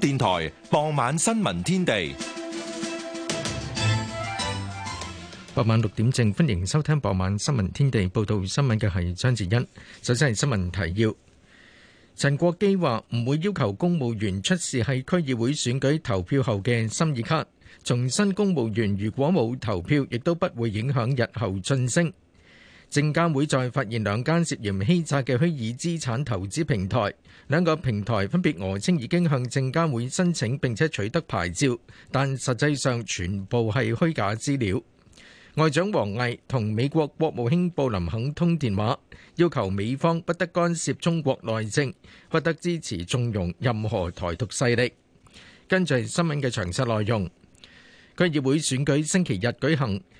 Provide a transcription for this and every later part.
電台傍晚新聞天地，傍晚六點正，歡迎收聽傍晚新聞天地。報道新聞嘅係張志欣。首先係新聞提要：陳國基話唔會要求公務員出示系區議會選舉投票後嘅心意卡。重申公務員如果冇投票，亦都不會影響日後晉升。證監會再發現兩間涉嫌欺詐嘅虛擬資產投資平台，兩個平台分別訛稱已經向證監會申請並且取得牌照，但實際上全部係虛假資料。外長王毅同美國國務卿布林肯通電話，要求美方不得干涉中國內政，不得支持縱容任何台獨勢力。根據新聞嘅詳細內容，區議會選舉星期日舉行。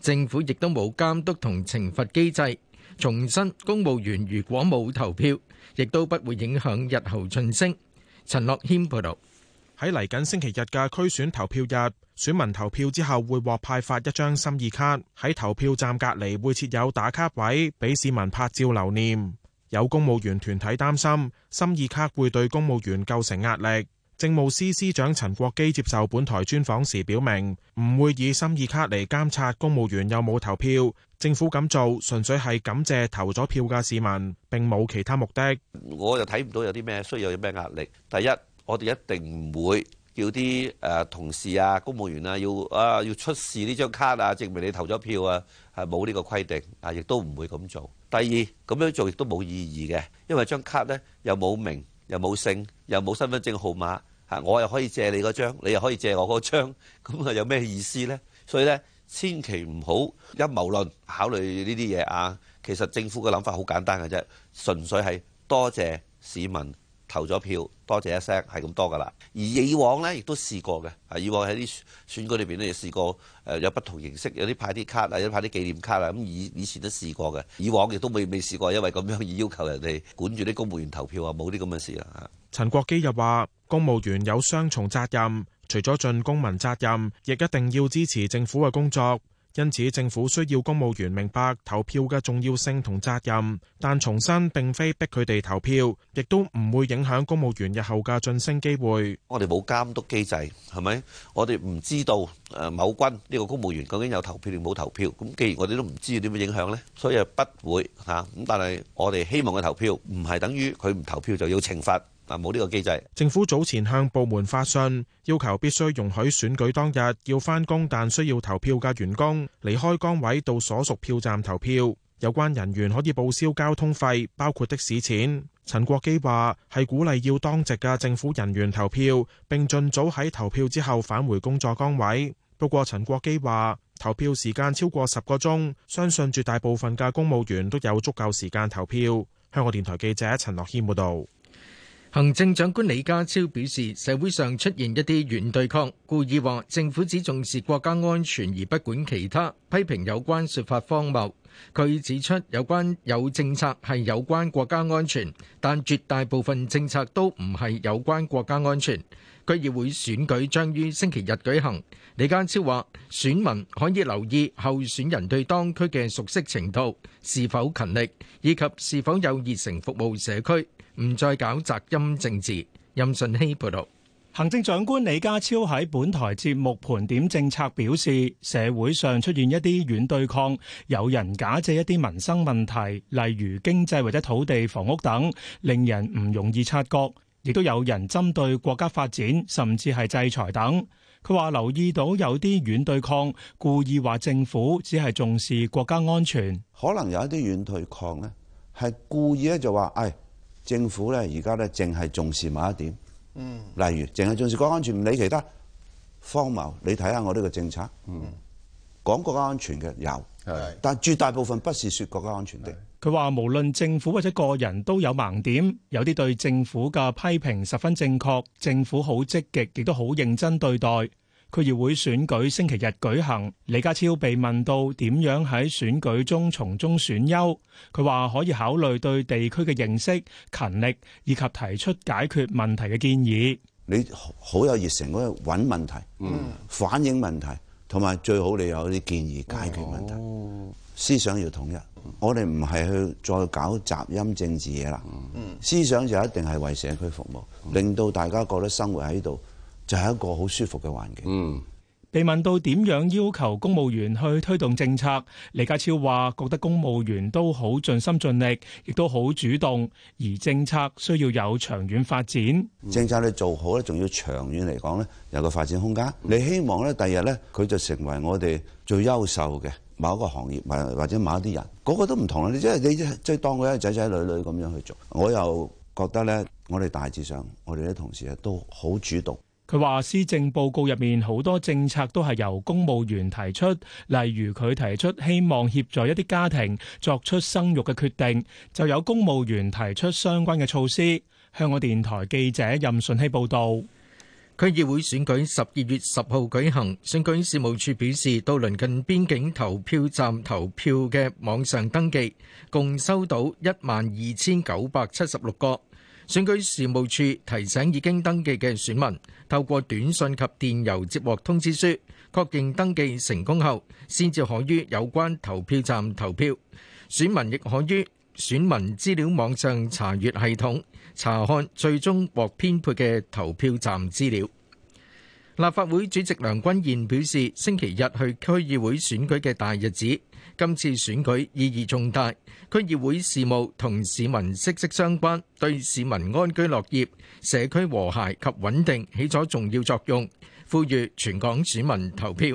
政府亦都冇監督同懲罰機制。重申，公務員如果冇投票，亦都不會影響日後晉升。陳樂軒報道：喺嚟緊星期日嘅區選投票日，選民投票之後會獲派發一張心意卡。喺投票站隔離會設有打卡位，俾市民拍照留念。有公務員團體擔心，心意卡會對公務員構成壓力。政務司司長陳國基接受本台專訪時表明，唔會以心意卡嚟監察公務員有冇投票。政府咁做純粹係感謝投咗票嘅市民，並冇其他目的。我又睇唔到有啲咩需要，有咩壓力。第一，我哋一定唔會叫啲誒同事啊、公務員啊，要啊要出示呢張卡啊，證明你投咗票啊，係冇呢個規定啊，亦都唔會咁做。第二，咁樣做亦都冇意義嘅，因為張卡呢又冇名。又冇姓，又冇身份證號碼，嚇！我又可以借你嗰張，你又可以借我嗰張，咁啊有咩意思呢？所以咧，千祈唔好陰謀論考慮呢啲嘢啊！其實政府嘅諗法好簡單嘅啫，純粹係多謝市民。投咗票，多謝一聲，係咁多㗎喇。而以往呢，亦都試過嘅。啊，以往喺啲選舉裏邊呢，亦試過誒有不同形式，有啲派啲卡啊，有派啲紀念卡啦。咁以以前都試過嘅。以往亦都未未試過，因為咁樣要要求人哋管住啲公務員投票啊，冇啲咁嘅事啦。陳國基又話，公務員有雙重責任，除咗盡公民責任，亦一定要支持政府嘅工作。因此，政府需要公務員明白投票嘅重要性同責任，但重申並非逼佢哋投票，亦都唔會影響公務員日後嘅晉升機會。我哋冇監督機制，係咪？我哋唔知道誒某君呢個公務員究竟有投票定冇投票，咁既然我哋都唔知，點樣影響咧，所以不會嚇。咁但係我哋希望佢投票，唔係等於佢唔投票就要懲罰。但，冇呢個機制。政府早前向部門發信，要求必須容許選舉當日要翻工但需要投票嘅員工離開崗位到所屬票站投票。有關人員可以報銷交通費，包括的士錢。陳國基話係鼓勵要當值嘅政府人員投票，並盡早喺投票之後返回工作崗位。不過，陳國基話投票時間超過十個鐘，相信絕大部分嘅公務員都有足夠時間投票。香港電台記者陳樂謙報道。行政長官李家超表示，社會上出現一啲軟對抗，故意話政府只重視國家安全而不管其他，批評有關說法荒謬。佢指出，有關有政策係有關國家安全，但絕大部分政策都唔係有關國家安全。區議會選舉將於星期日舉行，李家超話，選民可以留意候選人對當區嘅熟悉程度，是否勤力，以及是否有熱誠服務社區。唔再搞雜音政治。任順熙報道，行政長官李家超喺本台節目盤點政策，表示社會上出現一啲軟對抗，有人假借一啲民生問題，例如經濟或者土地、房屋等，令人唔容易察覺，亦都有人針對國家發展，甚至係制裁等。佢話留意到有啲軟對抗，故意話政府只係重視國家安全，可能有一啲軟對抗咧，係故意咧就話唉。哎政府咧，而家咧，淨係重視某一點，例如淨係重視國家安全，唔理其他，荒謬。你睇下我呢個政策，講國家安全嘅有，但絕大部分不是說國家安全的。佢話的無論政府或者個人都有盲點，有啲對政府嘅批評十分正確，政府好積極亦都好認真對待。區議會選舉星期日舉行，李家超被問到點樣喺選舉中從中選優，佢話可以考慮對地區嘅認識、勤力以及提出解決問題嘅建議你。你好有熱誠，嗰個揾問題，嗯，反映問題，同埋最好你有啲建議解決問題。哦、思想要統一，我哋唔係去再搞雜音政治嘢啦。嗯、思想就一定係為社區服務，令到大家覺得生活喺度。就係一個好舒服嘅環境。嗯，被問到點樣要求公務員去推動政策，李家超話：覺得公務員都好盡心盡力，亦都好主動，而政策需要有長遠發展。嗯、政策你做好咧，仲要長遠嚟講咧，有個發展空間。你希望咧，第日咧，佢就成為我哋最優秀嘅某一個行業，或或者某一啲人，個個都唔同啦。你即係你即係當佢係仔仔女女咁樣去做，我又覺得咧，我哋大致上，我哋啲同事咧都好主動。佢話施政報告入面好多政策都係由公務員提出，例如佢提出希望協助一啲家庭作出生育嘅決定，就有公務員提出相關嘅措施。香港電台記者任順希報導，區議會選舉十二月十號舉行，選舉事務處表示，到鄰近邊境投票站投票嘅網上登記，共收到一萬二千九百七十六個。選舉事務處提醒已經登記嘅選民，透過短信及電郵接獲通知書，確認登記成功後，先至可於有關投票站投票。選民亦可於選民資料網上查閲系統，查看最終獲編配嘅投票站資料。立法會主席梁君彥表示，星期日去區議會選舉嘅大日子，今次選舉意義重大。區議會事務同市民息息相關，對市民安居樂業、社區和諧及穩定起咗重要作用。呼籲全港市民投票。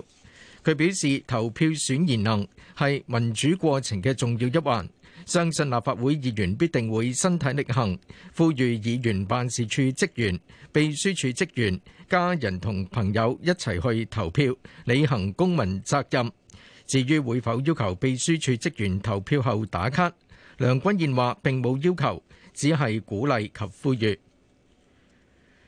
佢表示投票選賢能係民主過程嘅重要一環，相信立法會議員必定會身體力行。呼籲議員辦事處職員、秘書處職員、家人同朋友一齊去投票，履行公民責任。至於會否要求秘書處職員投票後打卡，梁君彥話並冇要求，只係鼓勵及呼籲。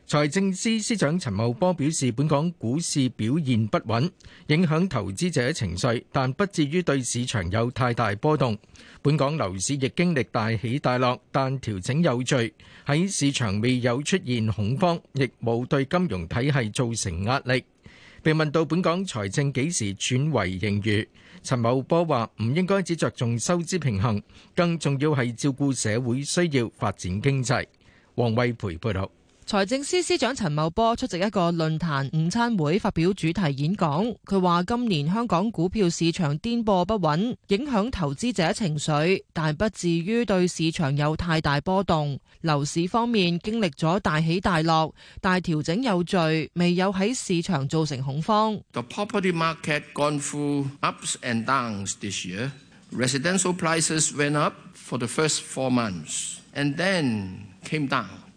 財政司司長陳茂波表示本港股市表現不穩，影響投資者的情緒，但不至於對市場有太大波動。本港樓市亦經歷大起大落，但調整有序，喺市場未有出現恐慌，亦冇對金融體系造成壓力。被問到本港財政幾時轉為盈餘，陳茂波話：唔應該只着重收支平衡，更重要係照顧社會需要、發展經濟。王惠培報道。財政司司長陳茂波出席一個論壇午餐會，發表主題演講。佢話：今年香港股票市場顛簸不穩，影響投資者情緒，但不至於對市場有太大波動。樓市方面經歷咗大起大落，大調整有序，未有喺市場造成恐慌。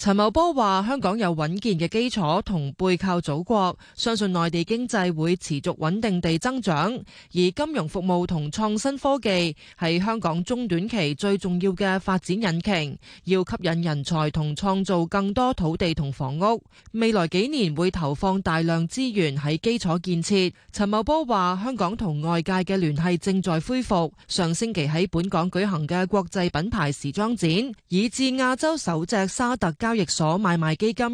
陳茂波話：香港有穩健嘅基礎同背靠祖國，相信內地經濟會持續穩定地增長。而金融服務同創新科技係香港中短期最重要嘅發展引擎，要吸引人才同創造更多土地同房屋。未來幾年會投放大量資源喺基礎建設。陳茂波話：香港同外界嘅聯繫正在恢復。上星期喺本港舉行嘅國際品牌時裝展，以至亞洲首隻沙特交易所買賣基金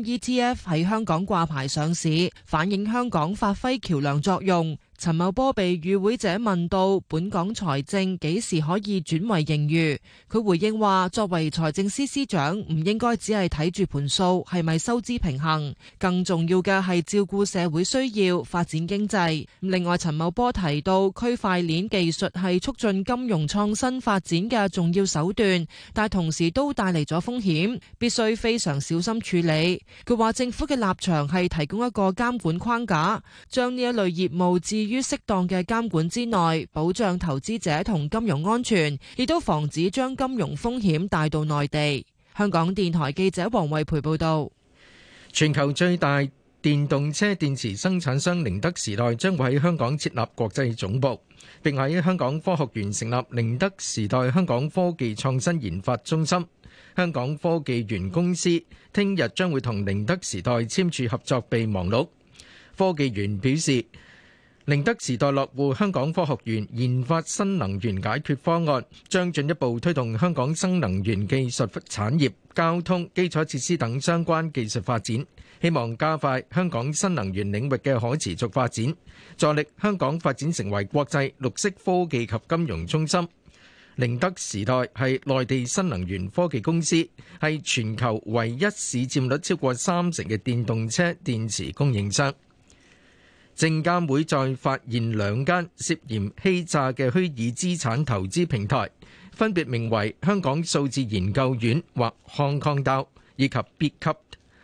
ETF 喺香港掛牌上市，反映香港發揮橋梁作用。陳茂波被與會者問到本港財政幾時可以轉為盈餘，佢回應話：作為財政司司長，唔應該只係睇住盤數，係咪收支平衡，更重要嘅係照顧社會需要、發展經濟。另外，陳茂波提到區塊鏈技術係促進金融創新發展嘅重要手段，但同時都帶嚟咗風險，必須非常小心處理。佢話政府嘅立場係提供一個監管框架，將呢一類業務至。於適當嘅監管之內，保障投資者同金融安全，亦都防止將金融風險帶，帶到內地。香港電台記者黃慧培報道：全球最大電動車電池生產商寧德時代將會喺香港設立國際總部，並喺香港科學園成立寧德時代香港科技創新研發中心。香港科技園公司聽日將會同寧德時代簽署合作備忘錄。科技園表示。寧德時代落戶香港科學園研發新能源解決方案，將進一步推動香港新能源技術產業、交通、基礎設施等相關技術發展，希望加快香港新能源領域嘅可持續發展，助力香港發展成為國際綠色科技及金融中心。寧德時代係內地新能源科技公司，係全球唯一市佔率超過三成嘅電動車電池供應商。Niccoughs 證監會再發現兩間涉嫌欺詐嘅虛擬資產投資平台，分別名為香港數字研究院或康康豆，以及 Bitcup。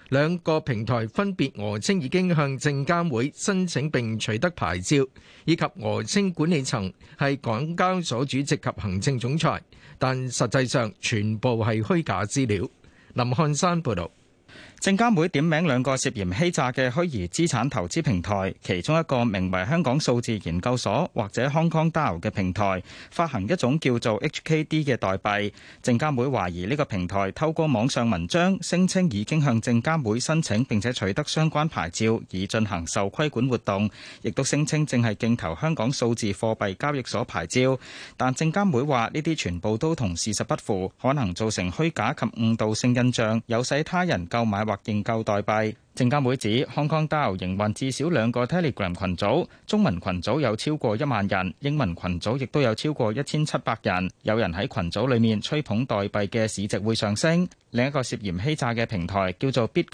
兩個平台分別訛稱已經向證監會申請並取得牌照，以及訛稱管理層係港交所主席及行政總裁，但實際上全部係虛假資料。林漢山報道。證監會點名兩個涉嫌欺詐嘅虛擬資產投資平台，其中一個名為香港數字研究所或者 Hong Kong d 康達嘅平台，發行一種叫做 HKD 嘅代幣。證監會懷疑呢個平台透過網上文章聲稱已經向證監會申請並且取得相關牌照，以進行受規管活動，亦都聲稱正係競投香港數字貨幣交易所牌照。但證監會話呢啲全部都同事實不符，可能造成虛假及誤導性印象，有使他人購買。或研究代幣，證監會指 Hong Kong DAO 營運至少兩個 Telegram 群組，中文群組有超過一萬人，英文群組亦都有超過一千七百人。有人喺群組裡面吹捧代幣嘅市值會上升。另一個涉嫌欺詐嘅平台叫做必給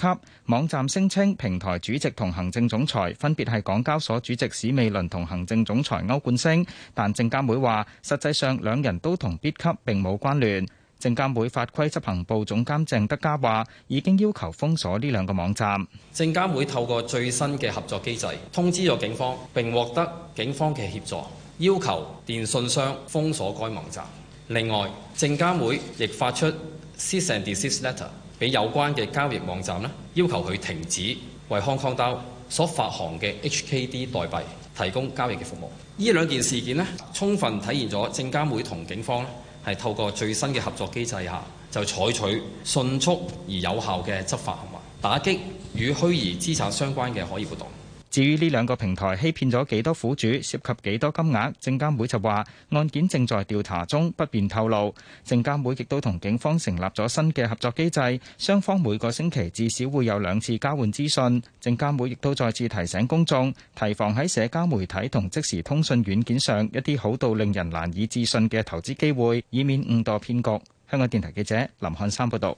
網站聲稱，聲稱平台主席同行政總裁分別係港交所主席史美倫同行政總裁歐冠昇。但證監會話實際上兩人都同必給並冇關聯。證監會法規執行部總監鄭德嘉話，已經要求封鎖呢兩個網站。證監會透過最新嘅合作機制，通知咗警方，並獲得警方嘅協助，要求電訊商封鎖該網站。另外，證監會亦發出 Cease and Desist Letter 俾有關嘅交易網站咧，要求佢停止為康康兜所發行嘅 HKD 代幣提供交易嘅服務。呢兩件事件咧，充分體現咗證監會同警方係透過最新嘅合作機制下，就採取迅速而有效嘅執法行為，打擊與虛擬資產相關嘅可疑活動。至於呢兩個平台欺騙咗幾多苦主，涉及幾多金額，證監會就話案件正在調查中，不便透露。證監會亦都同警方成立咗新嘅合作機制，雙方每個星期至少會有兩次交換資訊。證監會亦都再次提醒公眾提防喺社交媒體同即時通訊軟件上一啲好到令人難以置信嘅投資機會，以免誤墮騙局。香港電台記者林漢山報道。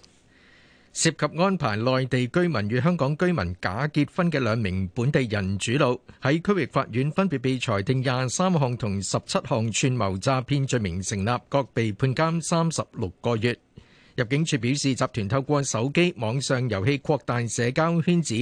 涉及安排內地居民與香港居民假結婚嘅兩名本地人主腦喺區域法院分別被裁定廿三項同十七項串謀詐騙罪名成立，各被判監三十六個月。入境處表示，集團透過手機網上遊戲擴大社交圈子，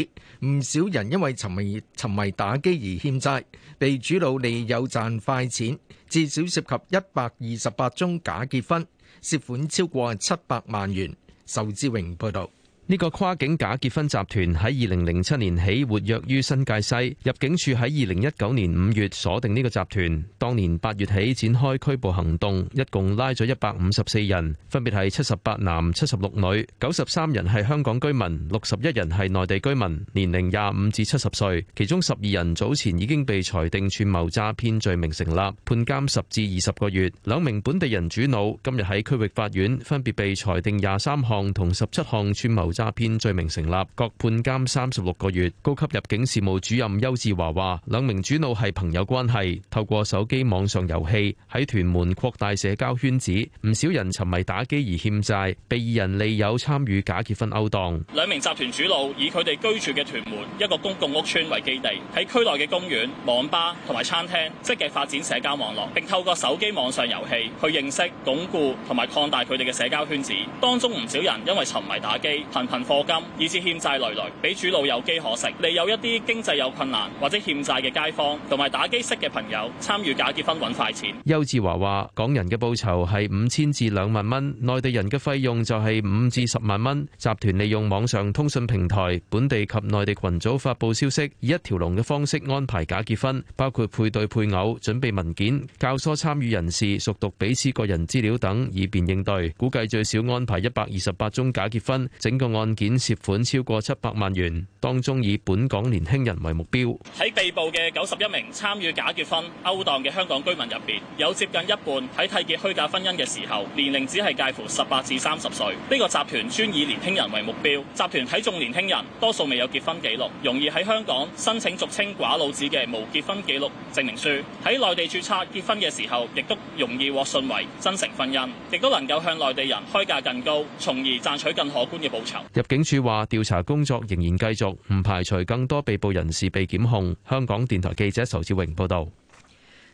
唔少人因為沉迷沉迷打機而欠債被主腦利誘賺快錢，至少涉及一百二十八宗假結婚，涉款超過七百萬元。受之榮報道。呢個跨境假結婚集團喺二零零七年起活躍於新界西，入境處喺二零一九年五月鎖定呢個集團，當年八月起展開拘捕行動，一共拉咗一百五十四人，分別係七十八男、七十六女、九十三人係香港居民、六十一人係內地居民，年齡廿五至七十歲，其中十二人早前已經被裁定串謀詐騙罪名成立，判監十至二十個月，兩名本地人主腦今日喺區域法院分別被裁定廿三項同十七項串謀詐騙罪名成立，各判監三十六個月。高級入境事務主任邱志華話：兩名主腦係朋友關係，透過手機網上遊戲喺屯門擴大社交圈子，唔少人沉迷打機而欠債，被二人利誘參與假結婚勾當。兩名集團主腦以佢哋居住嘅屯門一個公共屋邨為基地，喺區內嘅公園、網吧同埋餐廳積極發展社交網絡，並透過手機網上遊戲去認識、鞏固同埋擴大佢哋嘅社交圈子。當中唔少人因為沉迷打機，憑貨金以至欠債累累，俾主路有機可食，利有一啲經濟有困難或者欠債嘅街坊同埋打機識嘅朋友參與假結婚揾快錢。邱志華話：港人嘅報酬係五千至兩萬蚊，內地人嘅費用就係五至十萬蚊。集團利用網上通訊平台、本地及內地群組發佈消息，以一條龍嘅方式安排假結婚，包括配對配偶、準備文件、教唆參與人士熟讀彼此個人資料等，以便應對。估計最少安排一百二十八宗假結婚，整個。案件涉款超過七百萬元，當中以本港年輕人為目標。喺被捕嘅九十一名參與假結婚勾當嘅香港居民入邊，有接近一半喺締結虛假婚姻嘅時候，年齡只係介乎十八至三十歲。呢個集團專以年輕人為目標，集團睇重年輕人多數未有結婚記錄，容易喺香港申請俗稱寡佬子嘅無結婚記錄證明書。喺內地注冊結婚嘅時候，亦都容易獲信為真誠婚姻，亦都能夠向內地人開價更高，從而賺取更可觀嘅報酬。入境處話，調查工作仍然繼續，唔排除更多被捕人士被檢控。香港電台記者仇志榮報道，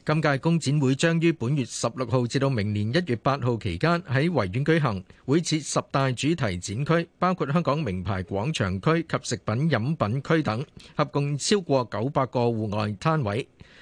今屆工展會將於本月十六號至到明年一月八號期間喺維園舉行，會設十大主題展區，包括香港名牌廣場區及食品飲品區等，合共超過九百個戶外攤位。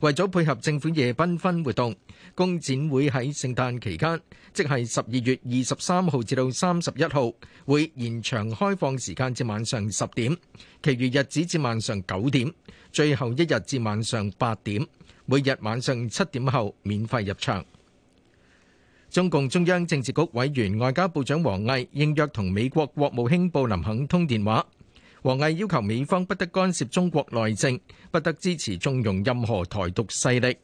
為咗配合政府夜繽紛活動，工展會喺聖誕期間，即係十二月二十三號至到三十一號，會延長開放時間至晚上十點，其餘日子至晚上九點，最後一日至晚上八點，每日晚上七點後免費入場。中共中央政治局委員、外交部長王毅應約同美國國務卿布林肯通電話。王毅要求美方不得干涉中國內政，不得支持縱容任何台獨勢力。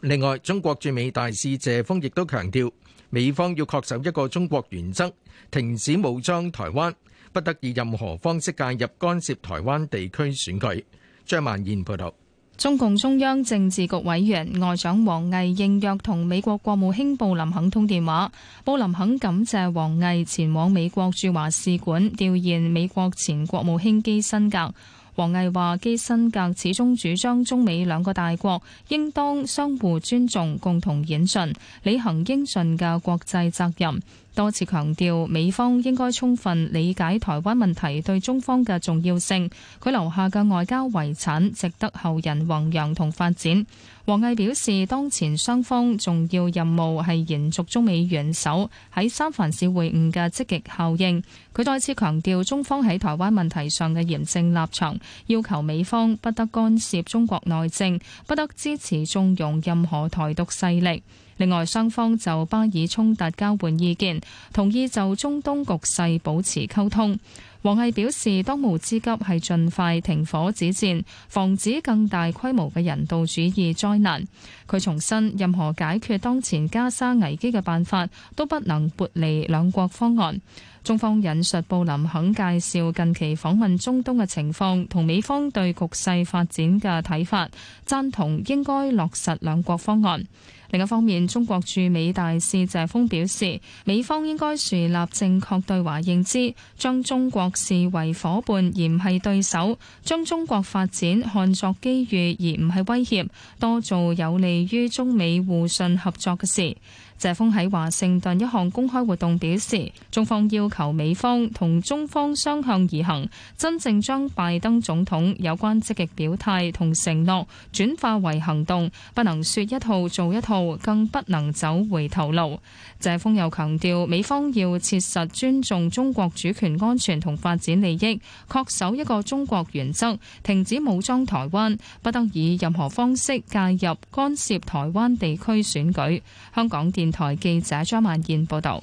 另外，中國駐美大使謝峰亦都強調，美方要恪守一個中國原則，停止武裝台灣，不得以任何方式介入干涉台灣地區選舉。張曼燕報道。中共中央政治局委員外長王毅應約同美國國務卿布林肯通電話，布林肯感謝王毅前往美國駐華使館弔唁美國前國務卿基辛格。王毅話：基辛格始終主張中美兩個大國應當相互尊重、共同演進、履行應盡嘅國際責任。多次強調，美方應該充分理解台灣問題對中方嘅重要性。佢留下嘅外交遺產值得後人弘揚同發展。王毅表示，當前雙方重要任務係延續中美元首喺三藩市會晤嘅積極效應。佢再次強調，中方喺台灣問題上嘅嚴正立場，要求美方不得干涉中國內政，不得支持縱容任何台獨勢力。另外，雙方就巴以衝突交換意見，同意就中東局勢保持溝通。王毅表示，當務之急係盡快停火止戰，防止更大規模嘅人道主義災難。佢重申，任何解決當前加沙危機嘅辦法都不能背離兩國方案。中方引述布林肯介紹近期訪問中東嘅情況，同美方對局勢發展嘅睇法，贊同應該落實兩國方案。另一方面，中國駐美大使謝鋒表示，美方應該樹立正確對華認知，將中國視為伙伴而唔係對手，將中國發展看作機遇而唔係威脅，多做有利於中美互信合作嘅事。謝鋒喺華盛頓一項公開活動表示，中方要求美方同中方相向而行，真正將拜登總統有關積極表態同承諾轉化為行動，不能說一套做一套，更不能走回頭路。謝鋒又強調，美方要切實尊重中國主權安全同發展利益，恪守一個中國原則，停止武裝台灣，不得以任何方式介入干涉台灣地區選舉。香港電。台記者張萬健報道，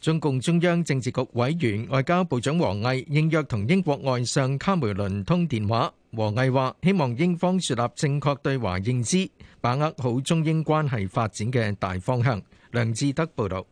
中共中央政治局委員外交部長王毅應約同英國外相卡梅倫通電話。王毅話：希望英方樹立正確對華認知，把握好中英關係發展嘅大方向。梁志德報道，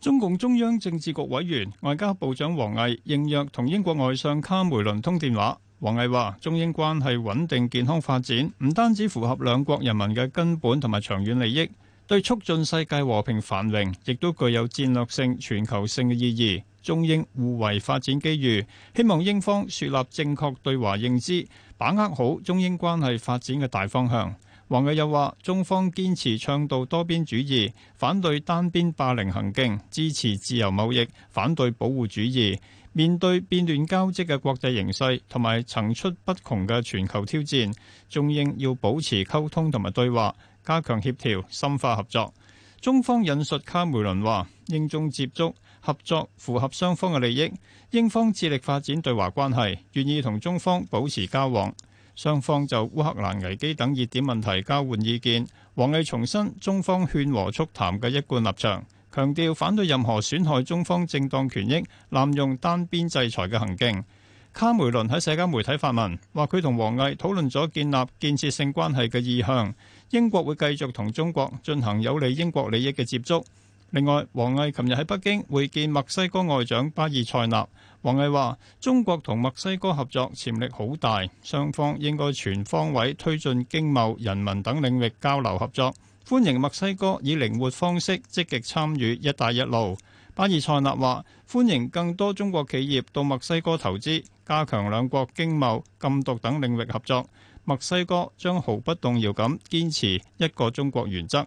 中共中央政治局委員外交部長王毅應約同英國外相卡梅倫通電話。王毅話：中英關係穩定健康發展，唔單止符合兩國人民嘅根本同埋長遠利益，對促進世界和平繁榮，亦都具有戰略性、全球性嘅意義。中英互為發展機遇，希望英方樹立正確對華認知，把握好中英關係發展嘅大方向。王毅又話：中方堅持倡導多邊主義，反對單邊霸凌行徑，支持自由貿易，反對保護主義。面對變亂交織嘅國際形勢同埋層出不窮嘅全球挑戰，中英要保持溝通同埋對話。加強協調，深化合作。中方引述卡梅倫話，英中接觸合作符合雙方嘅利益。英方致力發展對華關係，願意同中方保持交往。雙方就烏克蘭危機等熱點問題交換意見。王毅重申中方勸和促談嘅一貫立場，強調反對任何損害中方正當權益、濫用單邊制裁嘅行徑。卡梅倫喺社交媒體發文，話佢同王毅討論咗建立建設性關係嘅意向。英國會繼續同中國進行有利英國利益嘅接觸。另外，王毅琴日喺北京會見墨西哥外長巴爾塞納。王毅話：中國同墨西哥合作潛力好大，雙方應該全方位推進經貿、人民等領域交流合作，歡迎墨西哥以靈活方式積極參與「一帶一路」。巴爾塞納話：歡迎更多中國企業到墨西哥投資，加強兩國經貿、禁毒等領域合作。墨西哥將毫不動搖咁堅持一個中國原則。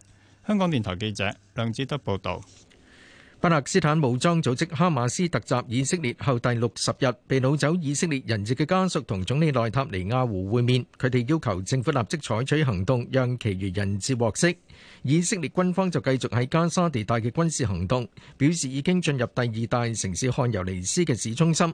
香港電台記者梁志德報道。巴勒斯坦武裝組織哈馬斯突襲以色列後第六十日，被擄走以色列人質嘅家屬同總理內塔尼亞胡會面，佢哋要求政府立即採取行動，讓其餘人質獲釋。以色列軍方就繼續喺加沙地帶嘅軍事行動，表示已經進入第二大城市汗尤尼斯嘅市中心。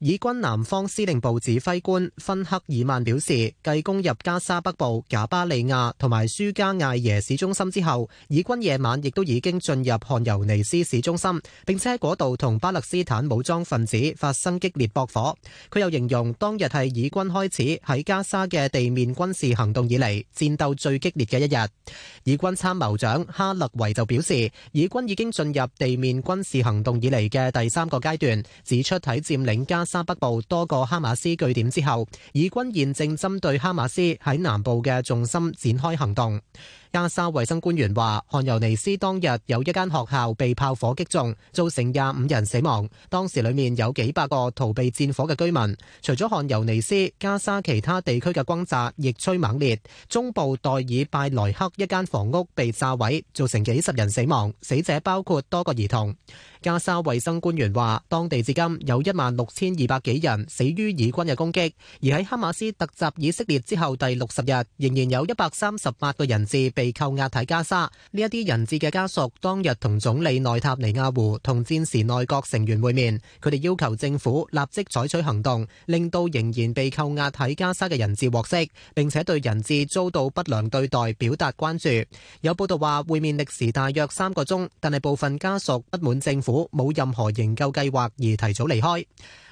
以軍南方司令部指揮官芬克爾曼表示，繼攻入加沙北部賈巴利亞同埋舒加艾耶市中心之後，以軍夜晚亦都已經進入漢尤尼斯市中心，並且喺嗰度同巴勒斯坦武裝分子發生激烈駁火。佢又形容當日係以軍開始喺加沙嘅地面軍事行動以嚟戰鬥最激烈嘅一日。以軍參謀長哈勒維就表示，以軍已經進入地面軍事行動以嚟嘅第三個階段，指出喺佔領加沙北部多個哈馬斯據點之後，以軍現正針對哈馬斯喺南部嘅重心展開行動。加沙衛生官員話，漢尤尼斯當日有一間學校被炮火擊中，造成廿五人死亡。當時裏面有幾百個逃避戰火嘅居民。除咗漢尤尼斯，加沙其他地區嘅轟炸亦趨猛烈。中部代爾拜萊克一間房屋被炸毀，造成幾十人死亡，死者包括多個兒童。加沙衛生官員話，當地至今有一萬六千二百幾人死於以軍嘅攻擊，而喺哈馬斯突襲以色列之後第六十日，仍然有一百三十八個人質。被扣押喺加沙呢一啲人質嘅家屬當日同總理內塔尼亞胡同戰時內閣成員會面，佢哋要求政府立即採取行動，令到仍然被扣押喺加沙嘅人質獲釋，並且對人質遭到不良對待表達關注。有報道話會面歷時大約三個鐘，但係部分家屬不滿政府冇任何營救計劃而提早離開。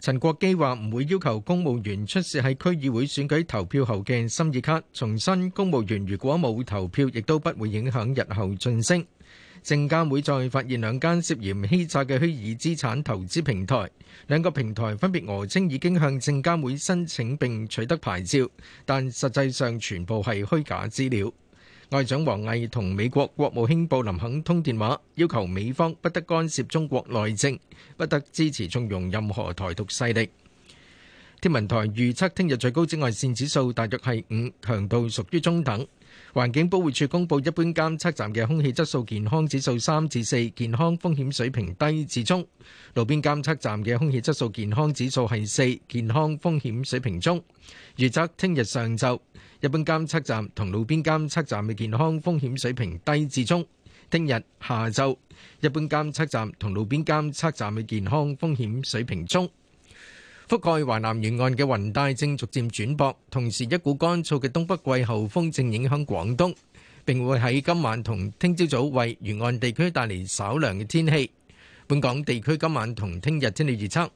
陳國基話唔會要求公務員出示喺區議會選舉投票後嘅心意卡，重申公務員如果冇投票，亦都不會影響日後晉升。證監會再發現兩間涉嫌欺詐嘅虛擬資產投資平台，兩個平台分別訛稱已經向證監會申請並取得牌照，但實際上全部係虛假資料。外長王毅同美國國務卿布林肯通電話，要求美方不得干涉中國內政，不得支持縱容任何台獨勢力。天文台預測聽日最高紫外線指數大約係五，強度屬於中等。環境保護署公布一般監測站嘅空氣質素健康指數三至四，健康風險水平低至中；路邊監測站嘅空氣質素健康指數係四，健康風險水平中。預測聽日上晝。一般監測站同路邊監測站嘅健康風險水平低至中。聽日下晝，一般監測站同路邊監測站嘅健康風險水平中。覆蓋華南沿岸嘅雲帶正逐漸轉薄，同時一股乾燥嘅東北季候風正影響廣東，並會喺今晚同聽朝早為沿岸地區帶嚟稍涼嘅天氣。本港地區今晚同聽日天氣預測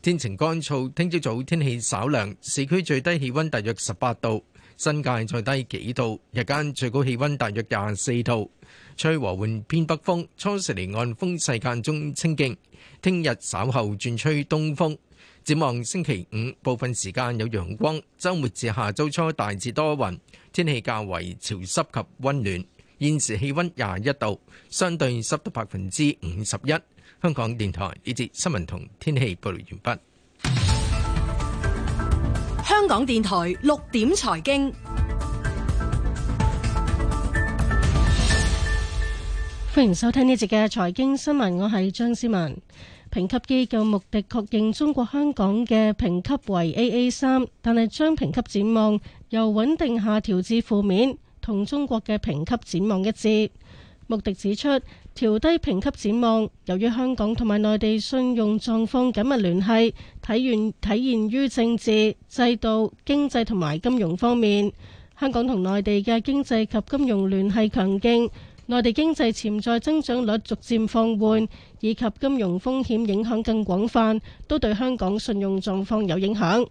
天晴乾燥，聽朝早天氣稍涼，市區最低氣溫大約十八度。新界再低幾度。日間最高氣温大約廿四度，吹和緩偏北風。初時離岸風勢間中清勁，聽日稍後轉吹東風。展望星期五部分時間有陽光，周末至下周初大致多雲，天氣較為潮濕及温暖。現時氣温廿一度，相對濕度百分之五十一。香港電台呢節新聞同天氣報道完畢。香港電台六點財經，歡迎收聽呢節嘅財經新聞。我係張思文，評級機構穆迪確認中國香港嘅評級為 AA 三，但係將評級展望由穩定下調至負面，同中國嘅評級展望一致。穆迪指出，調低評級展望，由於香港同埋內地信用狀況緊密聯繫，體現體現於政治制度、經濟同埋金融方面。香港同內地嘅經濟及金融聯繫強勁，內地經濟潛在增長率逐漸放緩，以及金融風險影響更廣泛，都對香港信用狀況有影響。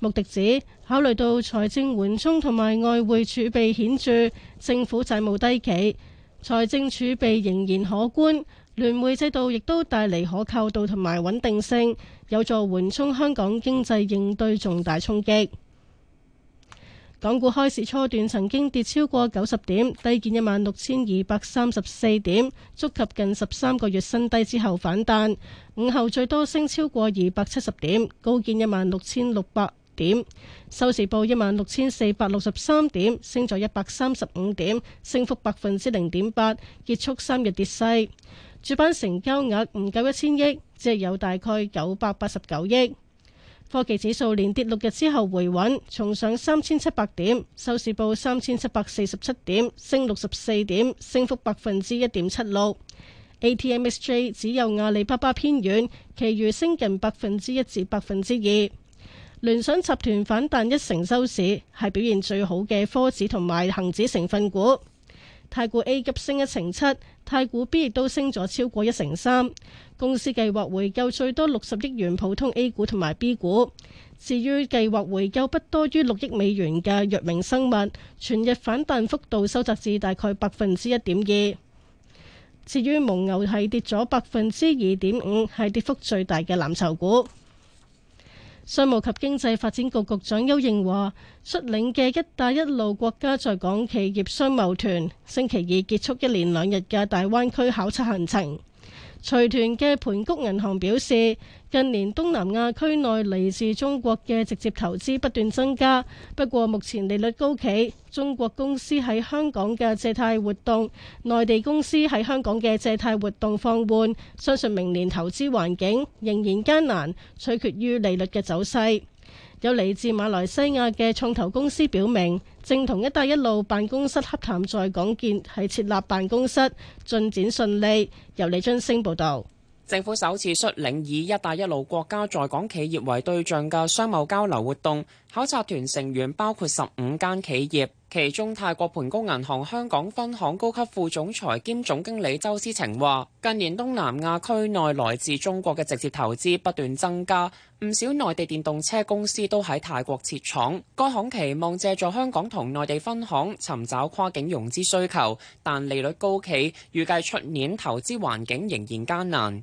穆迪指，考慮到財政緩衝同埋外匯儲備顯著，政府債務低企。財政儲備仍然可觀，聯匯制度亦都帶嚟可靠度同埋穩定性，有助緩衝香港經濟應對重大衝擊。港股開市初段曾經跌超過九十點，低見一萬六千二百三十四點，觸及近十三個月新低之後反彈，午後最多升超過二百七十點，高見一萬六千六百點收市報一萬六千四百六十三點，升咗一百三十五點，升幅百分之零點八，結束三日跌勢。主板成交額唔夠一千億，即係有大概九百八十九億。科技指數連跌六日之後回穩，重上三千七百點，收市報三千七百四十七點，升六十四點，升幅百分之一點七六。ATMXJ 只有阿里巴巴偏軟，其餘升近百分之一至百分之二。聯想集團反彈一成收市，係表現最好嘅科指同埋恒指成分股。太古 A 急升一成七，太古 B 亦都升咗超過一成三。公司計劃回購最多六十億元普通 A 股同埋 B 股。至於計劃回購不多於六億美元嘅藥明生物，全日反彈幅度收窄至大概百分之一點二。至於蒙牛係跌咗百分之二點五，係跌幅最大嘅藍籌股。商務及經濟發展局局長邱應華率領嘅“一帶一路”國家在港企業商貿團，星期二結束一連兩日嘅大灣區考察行程。隨團嘅盤谷銀行表示，近年東南亞區內嚟自中國嘅直接投資不斷增加，不過目前利率高企，中國公司喺香港嘅借貸活動，內地公司喺香港嘅借貸活動放緩，相信明年投資環境仍然艱難，取決於利率嘅走勢。有嚟自馬來西亞嘅創投公司表明，正同「一帶一路」辦公室洽談在港建係設立辦公室，進展順利。由李津升報導，政府首次率領以「一帶一路」國家在港企業為對象嘅商貿交流活動，考察團成員包括十五間企業。其中，泰國盤谷銀行香港分行高級副總裁兼總經理周思晴話：近年東南亞區內來自中國嘅直接投資不斷增加，唔少內地電動車公司都喺泰國設廠。該行期望借助香港同內地分行尋找跨境融資需求，但利率高企，預計出年投資環境仍然艱難。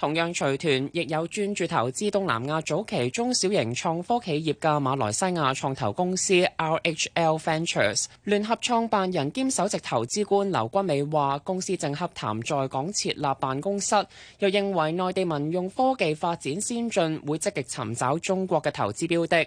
同樣隨團，亦有專注投資東南亞早期中小型創科企業嘅馬來西亞創投公司 RHL Ventures 聯合創辦人兼首席投資官劉君美話：公司正洽談在港設立辦公室，又認為內地民用科技發展先進，會積極尋找中國嘅投資標的。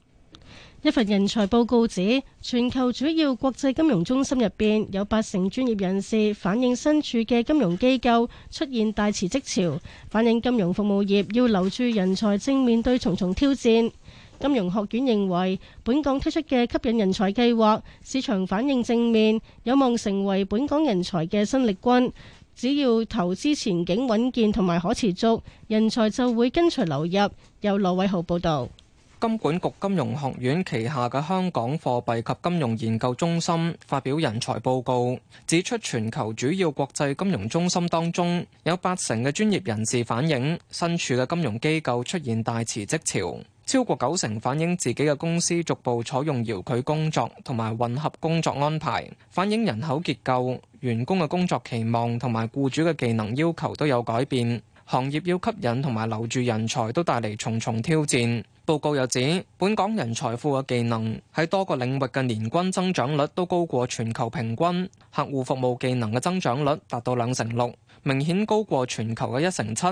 一份人才報告指，全球主要國際金融中心入邊有八成專業人士反映，身處嘅金融機構出現大辭職潮，反映金融服務業要留住人才正面對重重挑戰。金融學院認為，本港推出嘅吸引人才計劃，市場反應正面，有望成為本港人才嘅新力軍。只要投資前景穩健同埋可持續，人才就會跟隨流入。由羅偉豪報導。金管局金融學院旗下嘅香港貨幣及金融研究中心發表人才報告，指出全球主要國際金融中心當中有八成嘅專業人士反映，身處嘅金融機構出現大辭職潮，超過九成反映自己嘅公司逐步採用遙距工作同埋混合工作安排，反映人口結構、員工嘅工作期望同埋雇主嘅技能要求都有改變，行業要吸引同埋留住人才都帶嚟重重挑戰。報告又指，本港人財富嘅技能喺多個領域嘅年均增長率都高過全球平均，客戶服務技能嘅增長率達到兩成六，明顯高過全球嘅一成七。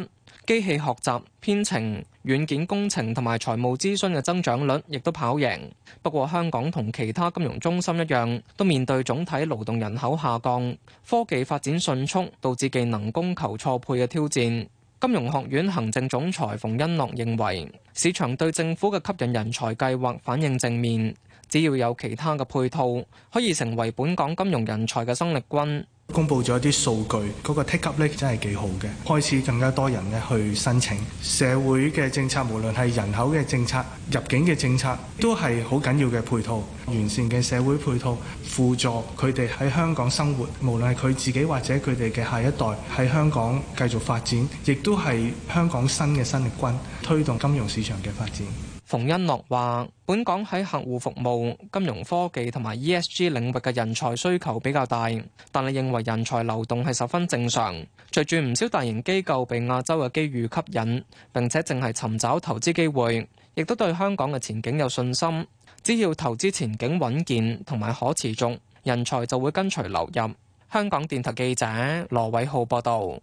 機器學習、編程、軟件工程同埋財務諮詢嘅增長率亦都跑贏。不過，香港同其他金融中心一樣，都面對總體勞動人口下降、科技發展迅速導致技能供求錯配嘅挑戰。金融學院行政總裁馮恩諾認為，市場對政府嘅吸引人才計劃反應正面，只要有其他嘅配套，可以成為本港金融人才嘅生力軍。公布咗一啲數據，嗰個 take up 真係幾好嘅，開始更加多人咧去申請社會嘅政策，無論係人口嘅政策、入境嘅政策，都係好緊要嘅配套，完善嘅社會配套，輔助佢哋喺香港生活，無論係佢自己或者佢哋嘅下一代喺香港繼續發展，亦都係香港新嘅生力軍，推動金融市場嘅發展。馮恩諾話：本港喺客戶服務、金融科技同埋 ESG 領域嘅人才需求比較大，但係認為人才流動係十分正常。隨住唔少大型機構被亞洲嘅機遇吸引，並且淨係尋找投資機會，亦都對香港嘅前景有信心。只要投資前景穩健同埋可持續，人才就會跟隨流入。香港電台記者羅偉浩報道。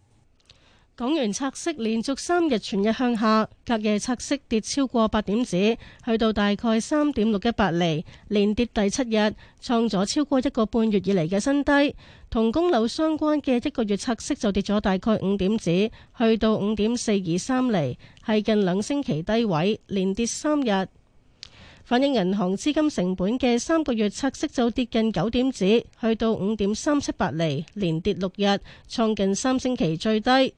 港元拆息連續三日全日向下，隔夜拆息跌超過八點子，去到大概三點六一八厘，連跌第七日，創咗超過一個半月以嚟嘅新低。同供樓相關嘅一個月拆息就跌咗大概五點子，去到五點四二三厘，係近兩星期低位，連跌三日。反映銀行資金成本嘅三個月拆息就跌近九點子，去到五點三七八厘，連跌六日，創近三星期最低。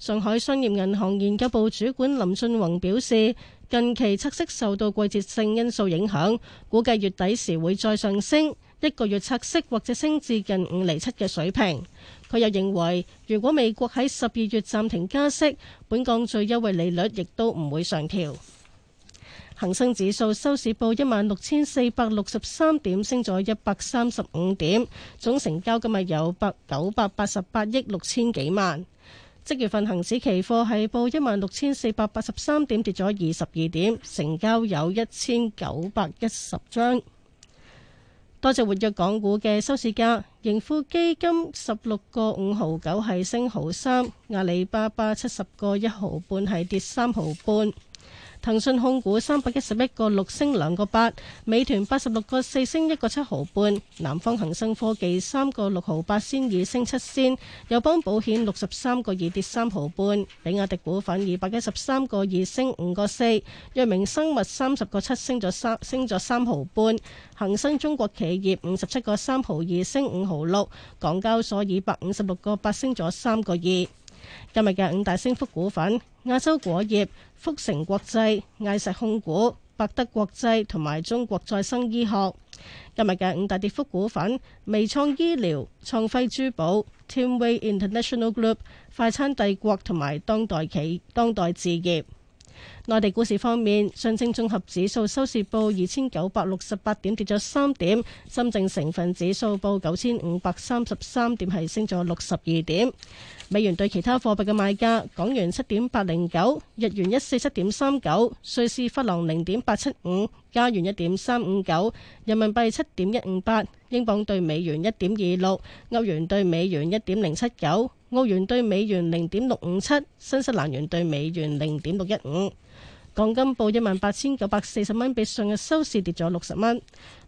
上海商業銀行研究部主管林俊宏表示，近期拆息受到季節性因素影響，估計月底時會再上升，一個月拆息或者升至近五厘七嘅水平。佢又認為，如果美國喺十二月暫停加息，本港最優惠利率亦都唔會上調。恒生指數收市報一萬六千四百六十三點，升咗一百三十五點，總成交今日有百九百八十八億六千幾萬。即月份恒指期貨係報一萬六千四百八十三點，跌咗二十二點，成交有一千九百一十張。多隻活躍港股嘅收市價，盈富基金十六個五毫九係升毫三，阿里巴巴七十個一毫半係跌三毫半。騰訊控股三百一十一個六升兩個八，美團八十六個四升一個七毫半，南方恒生科技三個六毫八先二升七先，友邦保險六十三個二跌三毫半，比亞迪股份二百一十三個二升五個四，藥明生物三十個七升咗三升咗三毫半，恒生中國企業五十七個三毫二升五毫六，港交所二百五十六個八升咗三個二，今日嘅五大升幅股份。亞洲果業、福成國際、藝術控股、百德國際同埋中國再生醫學。今日嘅五大跌幅股份：微創醫療、創輝珠寶、Timway International Group、快餐帝國同埋當代企業、當代置業。內地股市方面，上證綜合指數收市報二千九百六十八點，跌咗三點；深證成分指數報九千五百三十三點，係升咗六十二點。美元對其他貨幣嘅賣價：港元七點八零九，日元一四七點三九，瑞士法郎零點八七五，加元一點三五九，人民幣七點一五八，英鎊兌美元一點二六，歐元兌美元一點零七九。澳元兌美元零點六五七，新西蘭元兌美元零點六一五。港金報一萬八千九百四十蚊，比上日收市跌咗六十蚊。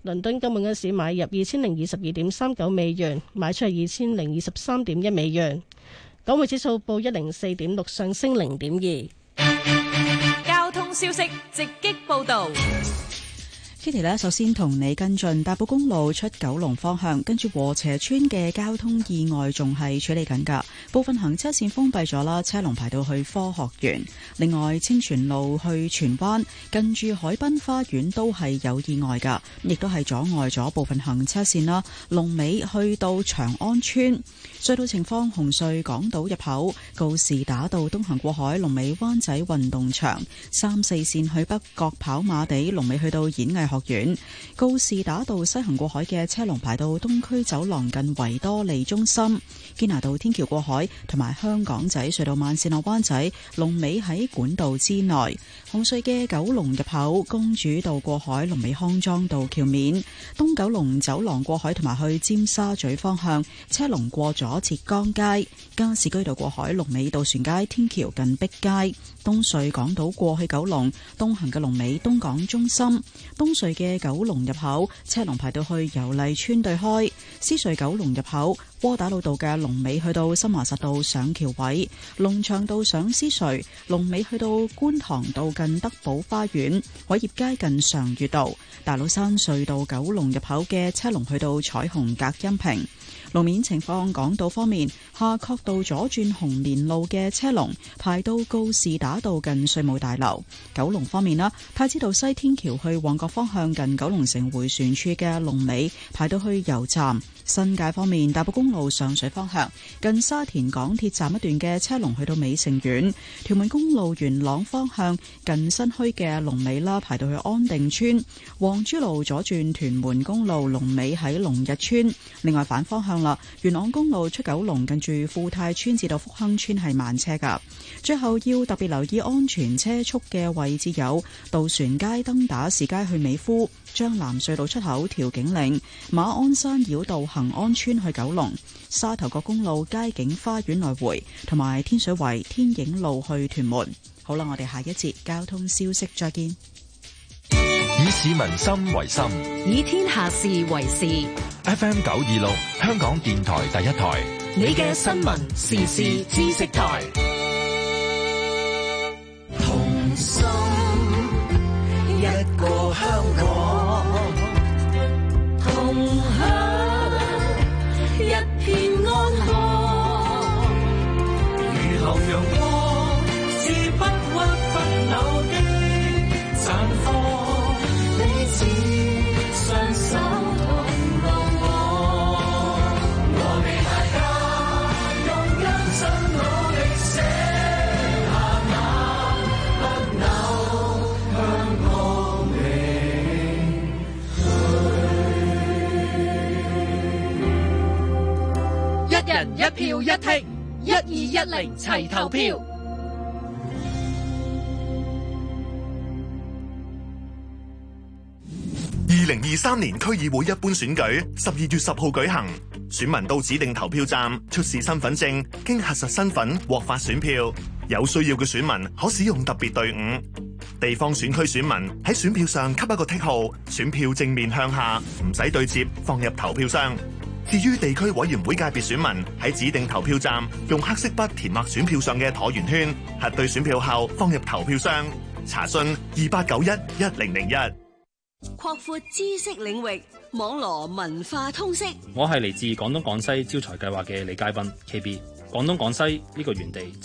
倫敦金每盎司買入二千零二十二點三九美元，賣出二千零二十三點一美元。港匯指數報一零四點六，上升零點二。交通消息直擊報道。Kitty 咧，Katie，首先同你跟進大埔公路出九龍方向，跟住和斜村嘅交通意外仲係處理緊噶，部分行車線封閉咗啦，車龍排到去科學園。另外，清泉路去荃灣，近住海濱花園都係有意外噶，亦都係阻礙咗部分行車線啦。龍尾去到長安村隧道情況，紅隧港島入口告士打道東行過海，龍尾灣仔運動場三四線去北角跑馬地，龍尾去到演藝。學院、告士打道西行過海嘅車龍排到東區走廊近維多利中心、堅拿道天橋過海同埋香港仔隧道慢綫落灣仔龍尾喺管道之內。東隧嘅九龍入口，公主道過海，龍尾康莊道橋面；東九龍走廊過海同埋去尖沙咀方向，車龍過咗浙江街，加士居道過海，龍尾渡船街天橋近碧街；東隧港島過去九龍東行嘅龍尾，東港中心；東隧嘅九龍入口，車龍排到去油麗邨對開；獅隧九龍入口，窩打老道嘅龍尾去到森麻實道上橋位，龍翔道上獅隧，龍尾去到觀塘道近德寶花園、偉業街近常悅道、大老山隧道九龍入口嘅車龍去到彩虹隔音屏。路面情況，港島方面，夏慤道左轉紅棉路嘅車龍排到告士打道近稅務大樓；九龍方面啦，太子道西天橋去旺角方向近九龍城回旋處嘅龍尾排到去油站；新界方面，大埔公路上水方向近沙田港鐵站一段嘅車龍去到美城苑；屯門公路元朗方向近新墟嘅龍尾啦，排到去安定村；皇珠路左轉屯門公路龍尾喺龍日村，另外反方向。元朗公路出九龍近住富泰村至到福亨村係慢車噶。最後要特別留意安全車速嘅位置有渡船街、登打士街去美孚、將南隧道出口、調景嶺、馬鞍山繞道、恒安村去九龍、沙頭角公路、街景花園來回、同埋天水圍天影路去屯門。好啦，我哋下一節交通消息再見。以市民心為心，以天下事為事。FM 九二六，香港電台第一台，你嘅新聞時事知識台。同心一個香港，同享一片安康。雨後陽光。 一票一剔，一二一零齊投票。二零二三年區議會一般選舉十二月十號舉行，選民到指定投票站出示身份證，經核實身份獲發選票。有需要嘅選民可使用特別隊伍。地方選區選民喺選票上給一個剔號，選票正面向下，唔使對接，放入投票箱。至於地區委員會界別選民喺指定投票站用黑色筆填畫選票上嘅橢圓圈，核對選票後放入投票箱。查詢二八九一一零零一，擴闊知識領域，網羅文化通識。我係嚟自廣東廣西招財計劃嘅李嘉賓 KB，廣東廣西呢、這個原地。